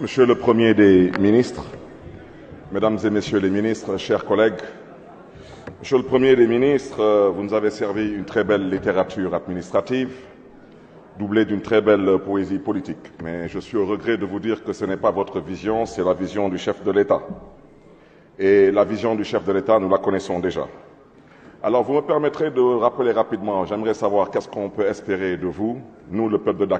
Monsieur le Premier des ministres, Mesdames et Messieurs les ministres, chers collègues, Monsieur le Premier des ministres, vous nous avez servi une très belle littérature administrative, doublée d'une très belle poésie politique. Mais je suis au regret de vous dire que ce n'est pas votre vision, c'est la vision du chef de l'État. Et la vision du chef de l'État, nous la connaissons déjà. Alors, vous me permettrez de rappeler rapidement, j'aimerais savoir qu'est-ce qu'on peut espérer de vous, nous, le peuple de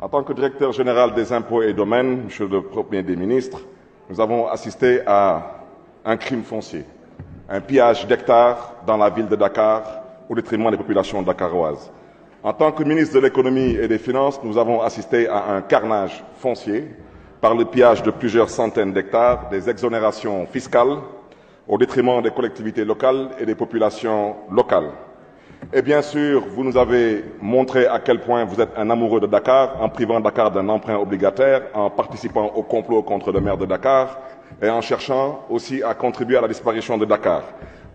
En tant que directeur général des impôts et domaines, Monsieur le Premier des ministres, nous avons assisté à un crime foncier, un pillage d'hectares dans la ville de Dakar au détriment des populations dakaroises. En tant que ministre de l'économie et des finances, nous avons assisté à un carnage foncier par le pillage de plusieurs centaines d'hectares, des exonérations fiscales au détriment des collectivités locales et des populations locales. Et bien sûr, vous nous avez montré à quel point vous êtes un amoureux de Dakar en privant Dakar d'un emprunt obligataire, en participant au complot contre le maire de Dakar et en cherchant aussi à contribuer à la disparition de Dakar.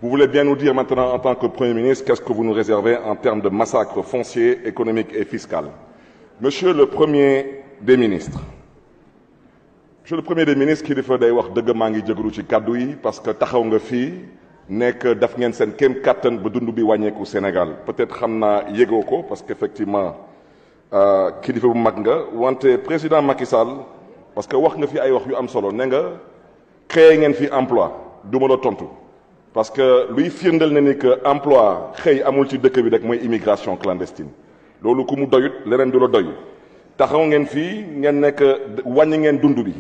Vous voulez bien nous dire maintenant en tant que Premier ministre qu'est-ce que vous nous réservez en termes de massacre foncier, économique et fiscal. Monsieur le Premier des ministres, Monsieur le Premier des ministres kilifa day wax dëgg maa ngi jégalu ci kàddu yi parce que taxaw nga fii nekk def ngeen seen kenn kàttan ba dund bi wàññeeku Sénégal peut-être xam naa yégoo ko parce que qu'effectivement euh, kilifa bu mag nga wante président Macky Sall parce que wax nga fi ay wax yu am solo ne nga créé ngeen fi emploi du ma la tontu parce que luy firndal na ni que emploi xëy amul ci dëkk bi rek mooy immigration clandestine loolu ku mu doyut leneen du la doy taxaw ngeen fii ngeen nekk wàññi ngeen dund bi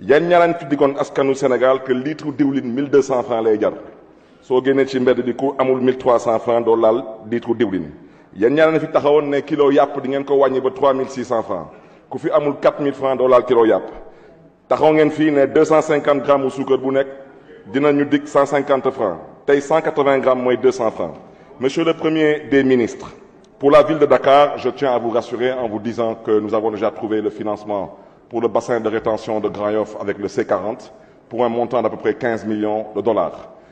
yan ñaaraan fi kon askanu Sénégal que litre diwlin 1200 francs lay jar. soo génnee ci mbedd bi ku amul 1300 francs doo laal diwlin yéen ñaar na taxawoon ne kilo yàpp di ngeen ko wàññi ba 3600 francs ku fi amul 4000 francs doo laal kilo yàpp taxaw ngeen fii ne 250 grammes u suukar bu nekk dinañu dig 150 francs tey 180 grammes mooy 200 francs monsieur le premier des ministres pour la de Dakar je tiens à vous rassurer en vous disant que nous avons déjà trouvé le financement pour le bassin de rétention de Grand Yoff avec le c pour un montant d'à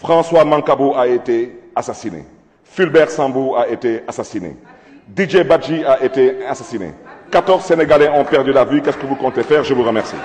François Mankabou a été assassiné. Fulbert Sambou a été assassiné. DJ Badji a été assassiné. 14 Sénégalais ont perdu la vie. Qu'est-ce que vous comptez faire Je vous remercie.